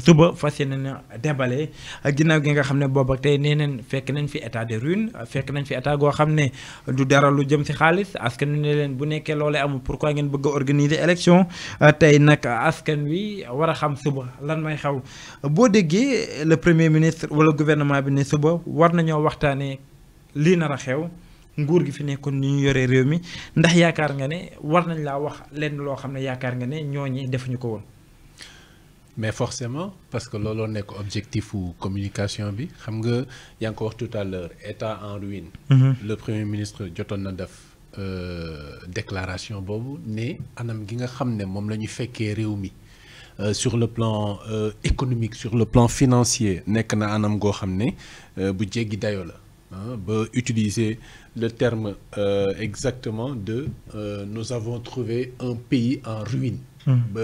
suba fas yéene na débale ginnaaw gi nga xam ne booba tey nee neen fekk nañ fi état de ruine fekk nañ fi état goo xam ne du dara lu jëm si xaalis askan wi ne leen bu nekkee loolee amul pourquoi ngeen bëgg a organiser tey nag askan wi war a xam suba lan may xew boo déggee le premier ministre wala gouvernement bi ne suba war nañoo waxtaanee lii nar a xew nguur gi fi nekkoon ni ñu yoree réew mi ndax yaakaar nga ne war nañ laa wax lenn loo xam ne yaakaar nga ne ñooñi defuñu ko woon. mais forcément parce que lolo nek objectif ou communication bi xam nga y tout à l'heure état en ruine mhm. le premier ministre Joton na def euh, déclaration Bobu né anam gi nga xamné mom lañu la euh, sur le plan euh, économique sur le plan financier nek na anam go xamné Budget bu jéggi dayo la hein, ba utiliser le terme exactement de nous avons trouvé un pays en ruine Hmm. Bah,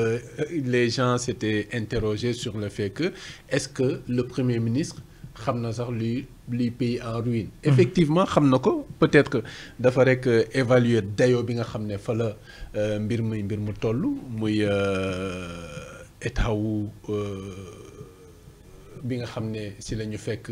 les gens s'étaient interrogés sur le fait que est-ce que le Premier ministre Khamnazar lui sax pays en ruine. Hmm. effectivement peut-être que faudrait euh, évaluer Dayobinga bi nga xam ne fa la bi nga xam ne si la ñu fekk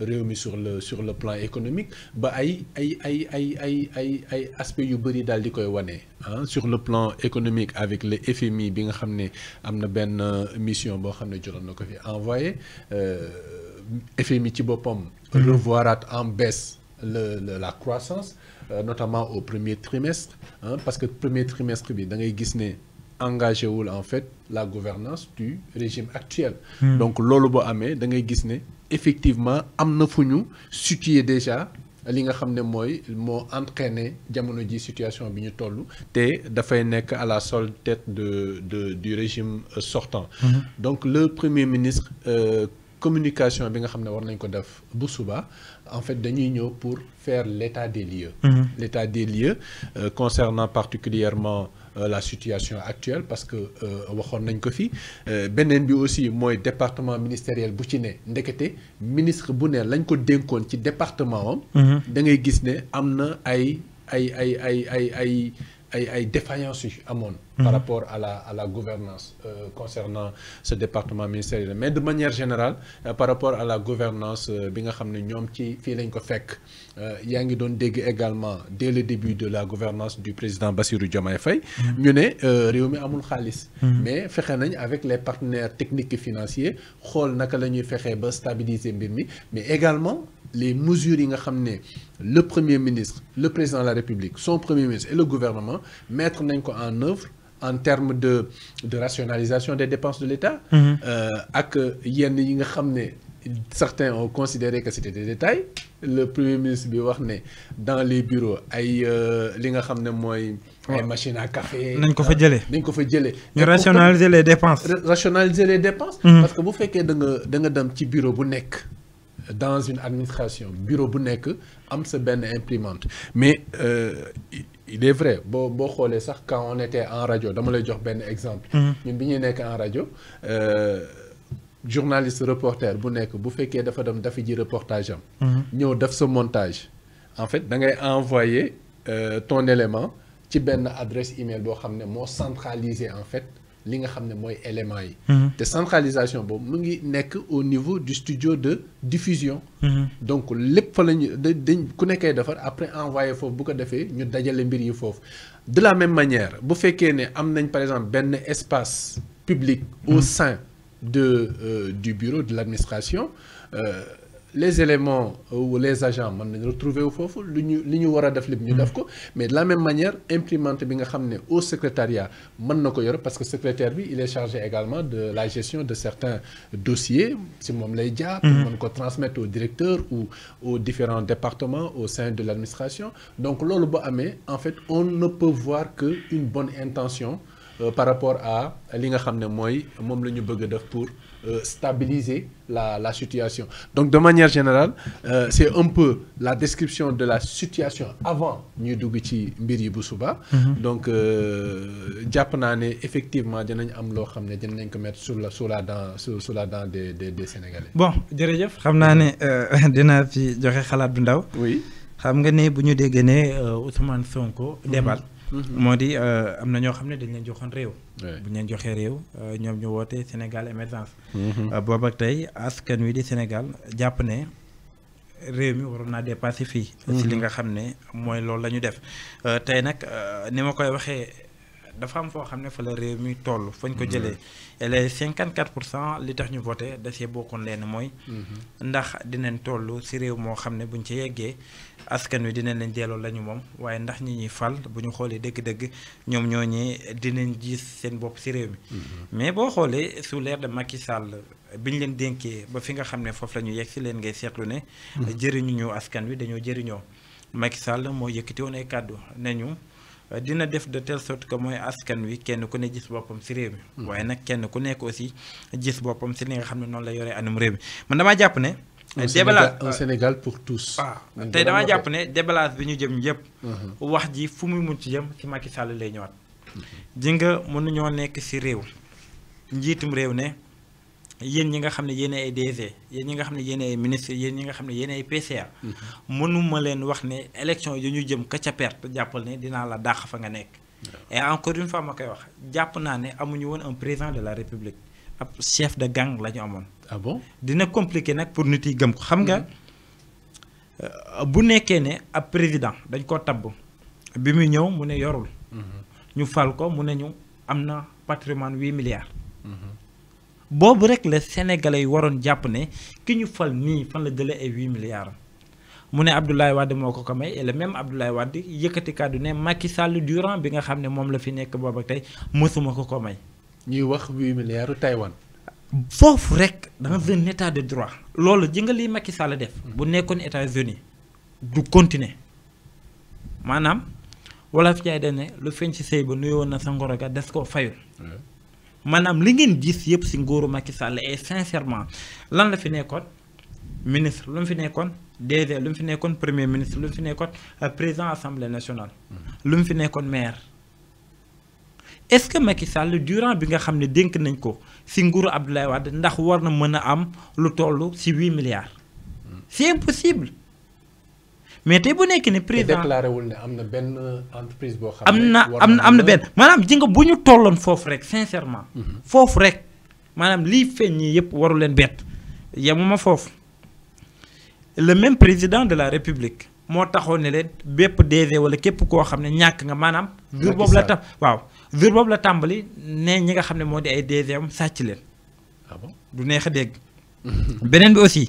réew mi sur le sur le plan économique ba ay ay ay ay ay ay ay aspects yu bëri daal di koy wane ah sur le plan économique avec le FMI bi nga xam ne am na benn mission boo xam ne jotoon na ko fi envoyé euh, FMI ci boppam. Mm-hmm. at en baisse le la croissance euh, notamment au premier trimestre hein, parce que premier trimestre bi da ngay gis ne engagé ou en fait la gouvernance du régime actuel. Hmm. donc l'olobo bo amee da ngay effectivement am founou, situé déjà li nga moi ne entraîné ji situation bi ñu toll te dafay nek à la seule tête de de du régime euh, sortant. Hmm. donc le premier ministre. Euh, communication bi nga xamné war nañ ko def bu en fait dañuy ñëw pour faire l'état des lieux. Hmm. L'état des lieux euh, concernant particulièrement euh, la situation actuelle parce que euh, waxoon nañ ko fi euh, benen bi aussi moy département ministériel bu ci né ndekété ministre bu né lañ ko dénkon ci département am. Mhm. da ngay gis né amna ay ay ay ay ay ay il y a des défaillances par mhm. rapport à la gouvernance euh, concernant ce département ministériel mais de manière générale euh, par rapport à la gouvernance euh, bi nga a ne ci fait lañ ko fekk également dès le début de la gouvernance du président Bassirou Diomaye Faye mhm. ñu a réew amul mhm. mais avec les partenaires techniques et financiers il naka la un stabiliser mais également les mesures que nga le premier ministre le président de la république son premier ministre et le gouvernement mettre en œuvre en termes de rationalisation des dépenses de l'État mhm. euh, ak yenn yi nga certains ont considéré que c'était des détails le premier ministre dans les bureaux ay euh, li nga des machines à café Il ko fa euh, dépenses. rationaliser les dépenses rationaliser les dépenses parce que vous faites que nga un nga bureau bu dans une administration bureau bu nek am sa ben imprimante mais euh, il est vrai bo bo xolé sax quand on était en radio, dama lay jox ben exemple. Mhm. ñun biñu nek en en radio euh, journaliste reporter bu vous bu féké dafa dem dafa ji reportage am. Mhm. ñeu def sa montage. en fait da ngay envoyer euh, ton élément ci ben adresse email mail xamné mo centraliser en fait li nga xam moy mooy yi. Mhm. te centralisation boobu mu ngi nekk au niveau du studio de diffusion. Mhm. donc lepp fa la ku nekkay defar après envoyé fofu bu ko defee ñu dajalé mbir yi fofu de la même manière bu fekkee né am nañ par exemple ben, espace public. au mhm. sein de euh, du bureau de l'administration. Euh, les éléments euh, ou les agents on nañu retrouver wu foofu wara def mm. mais de la même manière imprimante bi nga au secrétariat parce que secrétaire il est chargé également de la gestion de certains dossiers si moom lay jaar pour mm. transmettre au directeur ou aux différents départements au sein de l'administration donc là, en fait on ne peut voir que une bonne intention euh, par rapport à li nga xam moy mom lañu bëgg def pour euh, stabiliser la la situation donc de manière générale euh, c'est un peu la description de la situation avant ñu dugg ci mbir yi bu suba. Mhm. donc japp naa effectivement dinañ am lo xam ne dinañ ko mettre sur la sur la dent sur la dent des des des Sénégalais. bon jërëjëf xam naa ne dinaa fi joxe xalaat bu ndaw. oui xam nga né bu ñu déggé né Ousmane Sonko. Mhm. débal. Mm-hmm. moo di euh, am na ñoo xam ne dañ leen joxoon réew. bu ñu leen joxee réew euh, ñoom ñu woote Sénégal émergence. Mm-hmm. Euh, boobu ak tey askan wi di Sénégal jàpp ne. réew mi waroon naa dépassé fii. ci mm-hmm. li nga xam ne mooy loolu lañu def tey nag ni ma koy waxee. dafa am foo xam ne fa la réew mi toll fañ ko mm-hmm. jëlee cinquante quatre pour cent li tax ñu voté da see bokkoon leen mooy mm-hmm. ndax dinañ toll si réew moo xam ne buñ ci yeggee askan wi dinañ leen delloo la moom waaye ndax ñi ñuy fal bu ñu xoolee dëgg-dëgg ñoom ñoo ñi dinañ gis seen bopp si réew mi mm-hmm. mais boo xoolee sous l'ère de Macky Sall bi ñu leen dénkee ba fi nga xam ne foofu la ñu yegg si leen ngay seetlu ne jëriñu ñu askan wi dañoo jëriñoo Macky Sall mooy yëkkati woon ay kàddu nañu dina def de telle sorte que mooy askan wi kenn ku ne gis boppam si réew mi hmm. waaye nag kenn ku nekk aussi gis boppam si li nga xam ne noonu la yoree anum réew mi man damaa jàpp ne euh, déballage Sénégal pour tous waaw ah, tey damaa jàpp ne déballage bi ñu jëm yëpp hmm. wax ji fu muy mun ci jëm ci Macky Sall lay ñëwaat hmm. ji nga mënuñoo nekk si réew njiitum réew ne yéen ñi nga xam ne yéen ay DG yéen ñi nga xam ne yéen ay ministre yéen ñi nga xam ne yéen ay PCA. Mm-hmm. mënuma leen wax ne élection yu ñu jëm ka ca perte jàppal ne dinaa la dàq fa nga nekk. et encore une fois ma koy wax jàpp naa ne amuñu woon un président de la république ab chef de gang la ñu amoon. ah dina compliqué nag pour nit yi gëm ko xam nga mm-hmm. euh, bu nekkee ne ab président dañ ko tabb bi muy ñëw mu ne yorul. Mm-hmm. ñu fal ko mu ne ñu am na patrimoine huit milliards. boobu rek le sénégalais yi japp né ne ki ñu fal ni fan la jëlee 8 milliards mune Abdoulaye Wade moo ko may et le même Abdoulaye Wade yëkëti kaddu né Macky Sall durant bi nga xamné mom la fi nekk boobu ak tay musuma ko ko may. ñi wax 8 milliards Taïwan. fofu rek dans un état de droit loolu jëngali Macky Sall def. bu nekkon États-Unis du continuer manam wala fi dañ ne lu feeñ sey bu ba na sa ga des ko fayul manam li ngeen gis yépp si nguuru Macky Sall et sincèrement lan la fi nekkoon ministre lu mu fi nekkoon DG lu mu fi nekkoon premier ministre lu mu fi nekkoon euh, président assemblée nationale. lu mu fi nekkoon maire. est-ce que Macky Sall durant bi nga xam ne dénk nañ ko si nguuru Abdoulaye Wade ndax war na mën a am lu toll si 8 milliards. c'est impossible. mais tey bu nekk ni président déclaré wul ne am na benn euh, entreprise boo am na am na am na benn maanaam ji nga bu ñu tolloon foofu rek sincèrement. Mhm. foofu rek maanaam lii feeñ ñii yëpp waru leen bett yemuma foofu le même président de la république moo taxoon ne leen bépp DG wala képp koo xam ne ñàkk nga maanaam. jour boobu la tam waaw jour boobu la tàmbali ne ñi nga xam ne moo di ay DG am sàcc leen. Ah du neex a dégg. beneen bi aussi.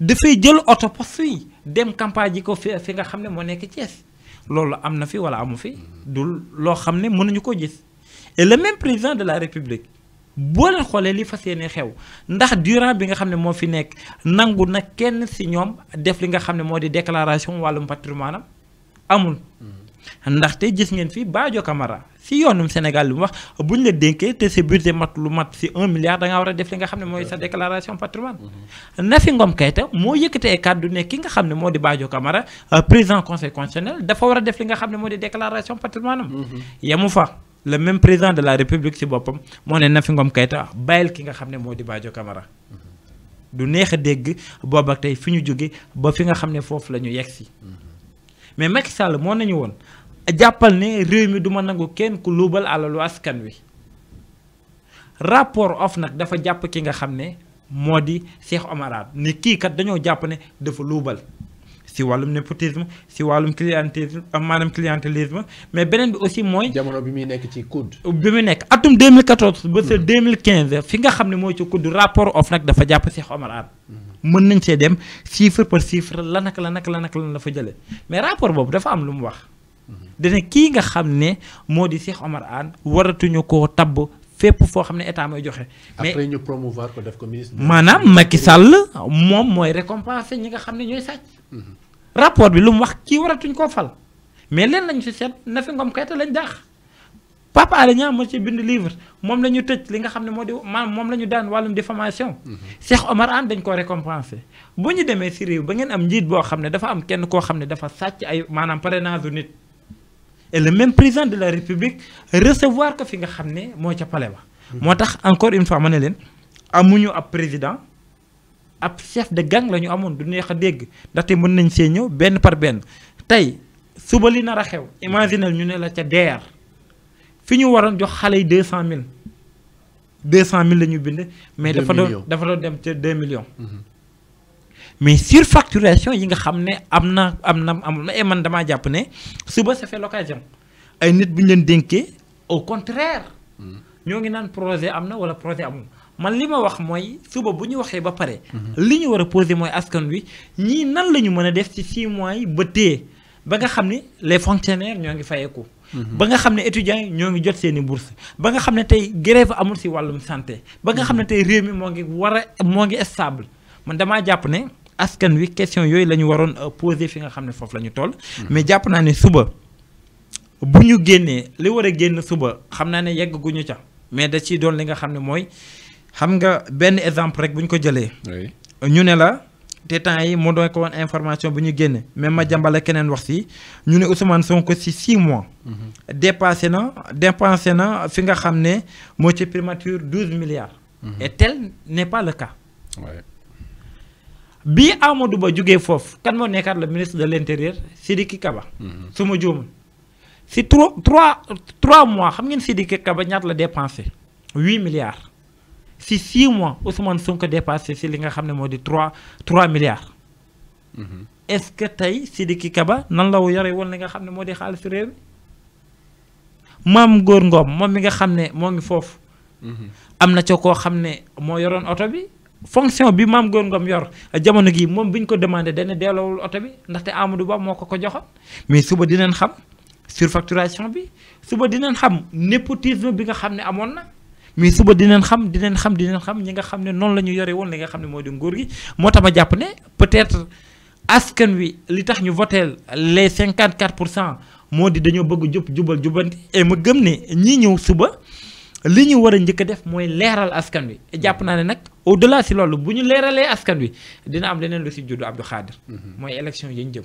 dafay jël auto poste yi dem campagne ji ko fi fi nga xamné mo nek nekk Thiès loolu amna fi wala amu fi dul lo xamné ne mënuñu ko gis et le même président de la république bo leen xolé li fassiyene xew ndax durant bi nga xamné mo fi nek nangu na kenn ci ñom def li nga xamné modi déclaration walum patrimoine am amul ndax ndaxte gis ngeen fi Badio Camara si yoonum Sénégal lu mu wax buñ la dénkee te sa budget mat lu mat si 1 milliard da nga war a def li nga xam ne mooy sa déclaration patrimoine mhm. Nafi Ngom Keïta moo yëkkatee kàddu ne ki nga xam ne moo di Badio Camara euh, président conseil constitutionnel dafa war a def li nga xam ne moo di déclaration patrimoine am mhm. yemu fa le même président de la république si boppam moo ne Nafi Ngom kayta bàyyil ki nga xam ne moo di Badio Camara mhm. du neex a dégg boobu ak tey fi ñu jóge ba fi nga xam ne foofu la ñu yegg si mais Macky Sall moo nañu woon jàppal ne réew mi du ma nangu kenn ku luubal alalu askan wi rapport of nag dafa jàpp ki nga xam ne moo di Cheikh Omar Anne kii kat dañoo jàpp ne dafa luubal. si wàllum népotisme si wàllum clientélisme am maanaam clientélisme mais beneen bi aussi mooy. jamono bi muy nekk ci COUD. bi muy nekk atum 2014. mille sa 2015 hmm. fi nga xam ne mooy ci COUD rapport of nag dafa jàpp Cheikh Omar Anne. Hmm. mën nañ see dem chiffre par chiffre la naka la naka la naka la fa jëlee mais rapport boobu dafa am lu mu wax. Hmm. dana kii nga xam ne moo di Cheikh Omar Anne waratuñu koo tabb. fépp foo xam ne état mooy joxe. mais après ñu promouvoir ko def ko ministre. maanaam Macky Sall moom mooy récompenser ñi nga xam ne ñooy sàcc. rapport bi lu mu wax kii waratuñ koo fal mais leen lañ si set na fi ngom kayta lañ daax Papa Alé Niang moo ci bind livre moom la ñu tëj li nga xam ne moo di maam moom la ñu daan wàllum diffamation mm-hmm. Cheikh Omar Anne dañ ko récompensé bu ñu demee si réew ba ngeen am njiit boo xam ne dafa am kenn koo xam ne dafa sàcc ay maanaam parrainage nit et le même président de la république recevoir ko fi nga xam ne moo ca pale ba mm-hmm. moo tax encore une fois ma ne leen amuñu ab président ab chef de gang la ñu amoon du neex a dégg ndaxte mën nañ see ñëw benn par benn tey suba li nar a xew imaginel ñu ne la ca deer fi ñu waroon jox xale yi deux cent mille deux cent mille la ñu bind mais dafa doon dafa doon dem ca deux millions mhm. mais surfacturation yi nga xam ne am na am na amul na man damaa jàpp ne suba ça fait l'occasion ay nit bu ñu leen dénkee au contraire mhm. ñoo ngi naan projet am na wala projet amul man li ma wax mooy suba bu ñu waxee ba pare. Mhm. li ñu war a posé mooy askan wi ñii nan la ñu mën a def ci 6 mois yi ba téye ba nga xam ni les fonctionnaires ñoo ngi fayeeku mhm. ba nga xam ne étudiants yi ñoo ngi jot seeni i ba nga xam ne tey grève amul si wàllum santé. ba nga xam ne mhm. tey réew mi moo ngi war a moo ngi stable man damaa jàpp ne askan wi question yooyu la ñu waroon euh, posé fi nga xam ne foofu la ñu toll. mais jàpp naa ne suba bu ñu génnee li war a génn suba xam naa ne yegg ca mais da ciy doon li nga xam ne mooy. xam nga benn exemple rek bu ñu ko jëlee. ñu ne la te temps yi mu doon ko woon information bu ñu génne même ma jàmbale keneen wax si ñu ne Ousmane Sonko si 6 mois. Mhm. dépassé na dépensé na fi nga xam ne moo ci primature 12 milliards. Mhm. et tel n'est pas le cas. bi Amadou Ba jugee foofu kan moo nekkaat le ministre de l' intérieur Sidiki Kaba. Mhm. suma ma juumul si trois trois trois mois xam ngeen Sidiki Kaba ñaata la dépensé 8 milliards si 6 mois Ousmane Sonko dépasse, si li nga xam ne 3 3 milliards. Mhm. est-ce que tey Sidiki Kaba nan la yore woon li nga xam ne moo di mam réew mi maam nga xamne ne moo ngi foofu. Mhm. am na ca koo xam ne moo yoroon oto bi. fonction bi mam góor ngoom yor jamono gi mom bi ko demander dene delloowul auto bi ndax te Amadou Ba moko ko joxone mais suba dinañ xam surfacturation bi suba dinañ xam népotisme bi nga xamne ne na. mais suba dinañ xam dinañ xam dina xam ñi nga xam ne noonu la ñu yore woon li nga xam ne moo di nguur yi moo tax ma jàpp ne peut-être askan wi li tax ñu voteel les 54 pour cent moo di dañoo bëgg jub jubal jubanti et ma gëm ne ñii ñëw suba li ñu war a njëkk def mooy leeral askan wi jàpp naa ne nag au delà si loolu bu ñu leeralee askan wi dina am leneen lu si juddu Abdou Khadir. Mm-hmm. mooy élection yi jëm.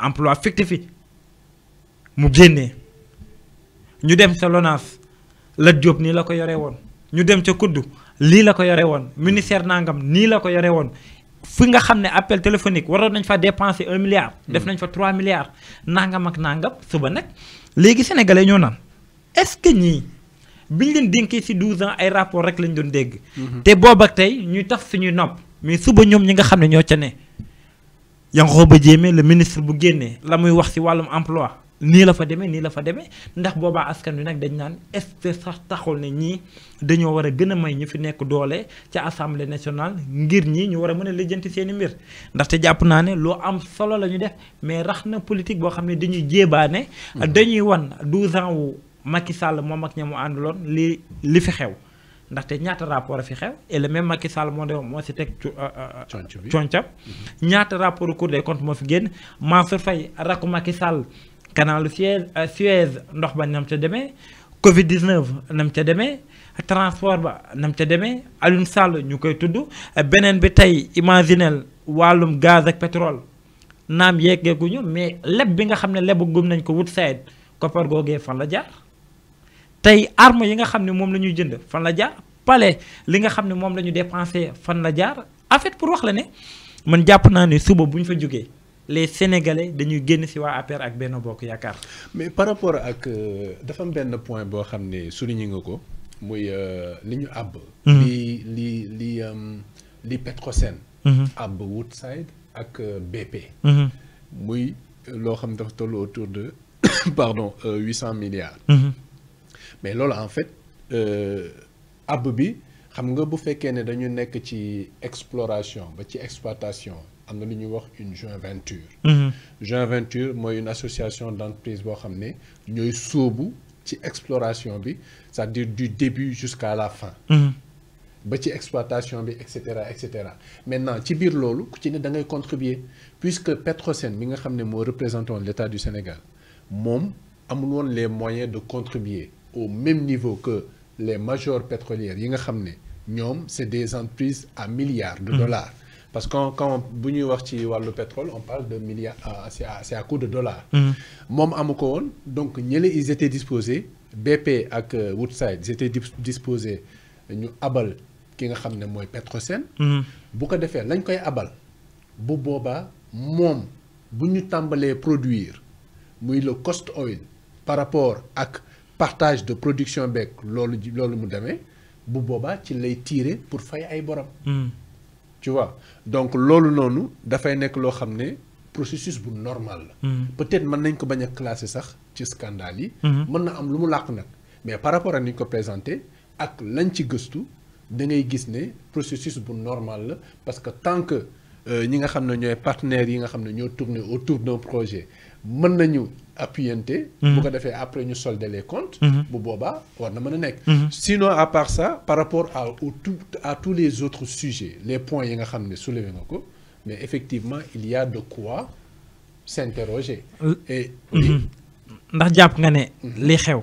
emploi fictif yi mu génnee ñu dem ca LONASE la Diop nii la ko yore woon ñu dem ca kuddu lii la ko yore woon ministère nangam nii la ko yore woon fi nga xam ne appel téléphonique waroon nañ fa dépenser un milliard. Hmm. def nañ fa trois milliards nàngam ak nàngam suba nag léegi sénégalais ñoo naan est-ce que ñii biñ leen dénkee ci 12 ans ay rapport rek lañ doon dégg. Hmm. te booba tey ñuy taf suñuy nopp mais suba ñoom ñi nga xam ne ñoo ca ne. Yankhoba Diémé la ministre bu génnee la muy wax ci wàllum emploi nii la fa demee nii la fa demee ndax boobaa askan wi nag dañu naan est sax taxul ne ñii dañoo war a gën a may ñu fi nekk doole ca assemblée nationale ngir ñii ñu war a mën a lijjanti seen i mbir ndaxte jàpp naa ne loo am solo la ñu def mais rax na politique boo xam ne dañuy ne mm-hmm. dañuy wan 12 wu Macky Sall moom ak ñamu àndaloon li li fi xew. ndax té ñaata rapport fi xew et le même Macky Sall mo de mo ci teg euh, euh, euh, concam mhm. ñaata rapport Cour des comptes mo fi génn Mansour Faye rakku Macky Sall canal Suez Suez ndox ba nam ca demee Covid 19 nam ca démé transport ba nam ca démé alun Sall ñu koy tudd benen bi tay imaginel walum gaz ak pétrole nam naam guñu mais leb bi nga xamné leb gum nañ ko wut saet koppar googee fan la jaar les arme yi nga xam ne moom jënd fan la jaar palais li nga fan la jaar en fait pour wax la man les sénégalais dañuy génn ci waa APR ak mais par rapport ak euh, dafa am benn point muy euh, les mhm. li li li euh, les mhm. ak mhm. autour de pardon 800 milliards mais là, en fait euh, bi xam nga bu fekkee ne dañu nekk ci exploration ba ci exploitation am na lu ñuy wax une joinventure. Mhm. venture mooy une association d'entreprise boo xam ne ñooy sóobu ci exploration bi c'est-à-dire du début jusqu'à la fin. Mhm. ba ci exploitation bi maintenant ci biir loolu ku ci ne da ngay contribuer puisque Petrosen mi nga xam ne représentant l'État du Sénégal moom amul woon les moyens de contribuer au même niveau que les majors pétrolières yi nga c'est des entreprises à milliards de mm-hmm. dollars parce que quand on voit le pétrole on parle de milliards ah, c'est à c'est à coup de dollars mm-hmm. donc ils étaient disposés BP ak euh, Woodside ils étaient disposés à abal ki nga xamné moy mooy Petrosen mm-hmm. bu ko défé lañ koy abal bu boba mom buñu tambalé produire muy le cost oil par rapport ak partage de production avec loolu loolu mu demee bu tiré ci lay tirer pour faire ay borom. Hmm. tu vois donc loolu non nous nekk loo processus normal hmm. peut-être que que ko bañ classé classer sax ci scandale hmm. mais par rapport à ni que ko présenté ak lañ ci un da processus normal parce que tant que nous avons des partenaires yi nga autour d'un projet mën nañu appuyante. bu mhm. ko defee après ñu solder les comptes. Mhm. bu boobaa war na a nekk. Mhm. sinon à part ça par rapport à au à tous les autres sujets les points yi nga xam ne soulevé mais effectivement il y a de quoi s'interroger. Euh, et ndax jàpp nga ne li xew.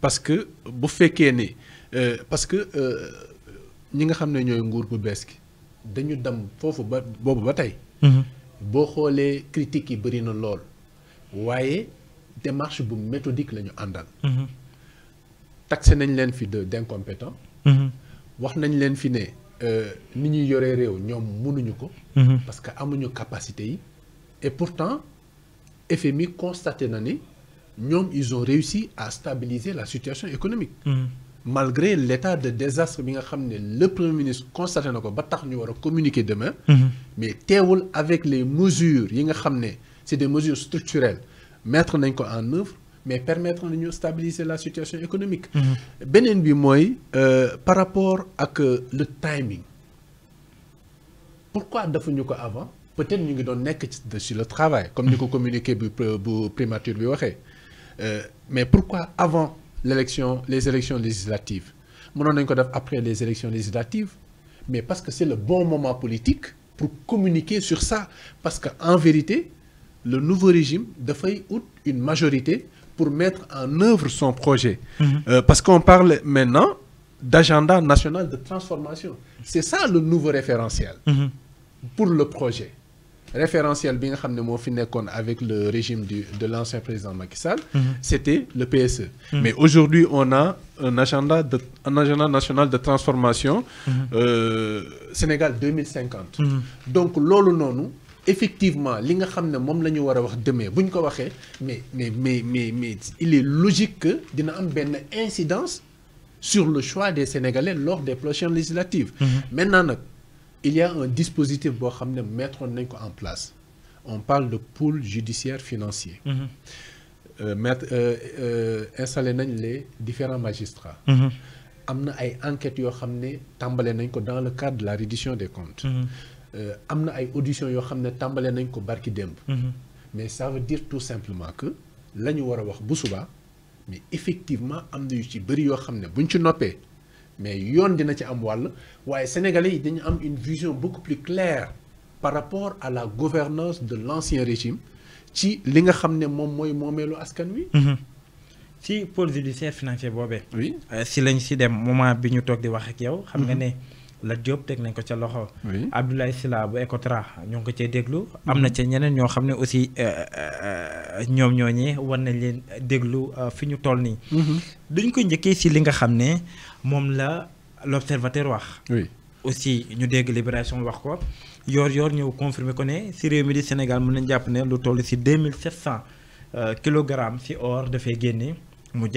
parce que bu né euh, parce que euh, ñi nga xamné ñoy nguur bu bees gi dañu dam fofu ba bobu ba -hmm. bo xolé critiques yi bari na lool wayé démarche bu méthodique la ñu -hmm. taxé nañ leen fi de d'incompétent. Mhm. wax nañ leen fi euh, ni ñi yoré réew ñom mënuñu ko. Mhm. parce que amuñu capacité yi. et pourtant FMI constaté na ni ils ont réussi à stabiliser la situation économique. Mm. malgré l'état de désastre bi nga le premier ministre constaté que ba communiquer demain. Mm-hmm. mais avec les mesures c'est des mesures structurelles mettre en œuvre mais permettre de stabiliser la situation économique. Mm-hmm. Euh, par rapport que euh, le timing pourquoi defuñu avant peut-être ñu ngi nek sur le travail comme nous avons communiqué bu euh, mais pourquoi avant l'élection, les élections législatives Maintenant, après les élections législatives, mais parce que c'est le bon moment politique pour communiquer sur ça. Parce qu'en vérité, le nouveau régime de out une majorité pour mettre en œuvre son projet. Mhm. Euh, parce qu'on parle maintenant d'agenda national de transformation. C'est ça le nouveau référentiel mhm. pour le projet référentiel avec le régime du de l'ancien président Macky Sall. Mhm. c'était le PSE. Mhm. mais aujourd'hui on a un agenda de un agenda national de transformation. Mhm. Euh, Sénégal 2050. donc effectivement li nga mais mais mais mais il est logique que dina am une incidence sur le choix des Sénégalais lors des prochaines législatives. maintenant il y a un dispositif que xam mettre en place on parle de pôle judiciaire financier mm-hmm. euh, mettre euh, euh, installé les différents magistrats mm-hmm. am Amna ay enquêtes yo xamné tambalé ko dans le cadre de la reddition des comptes mm-hmm. euh, amna ay auditions yo xamné tambalé de nañ ko barki comptes. mais ça veut dire tout simplement que lañu wara wax bu subaa mais effectivement amna yu ci bëri yo de buñ ci mais yon dina ci am wàll sénégalais yi dañu am une vision beaucoup plus claire par rapport à la gouvernance de l'ancien régime ci li nga xamné mom moy mooy askan wi. Mhm. ci pôle judiciaire financier bobé oui euh, si lañ ci dem moment bi ñu tok di wax ak yow. xam nga mhm. né la Diop tek nañ ko ci loxo. oui Abdoulaye Sylla bu Ecotra ñoo ngi ko cee déglu. Mhm. amna ci ñeneen ño xamné aussi ñom ñoñi won nañ leen déglu euh, fi ñu toll nii. dañ ko njëkkee ci li nga xamné mom la l'observateur wax. oui aussi ñu dégg Libération wax ko yor yor ñeu confirmer ko ne si réew mi di Sénégal mën nañ jàpp ne lu toll si 2700 kg ci cent euh, kilogrammes si or mu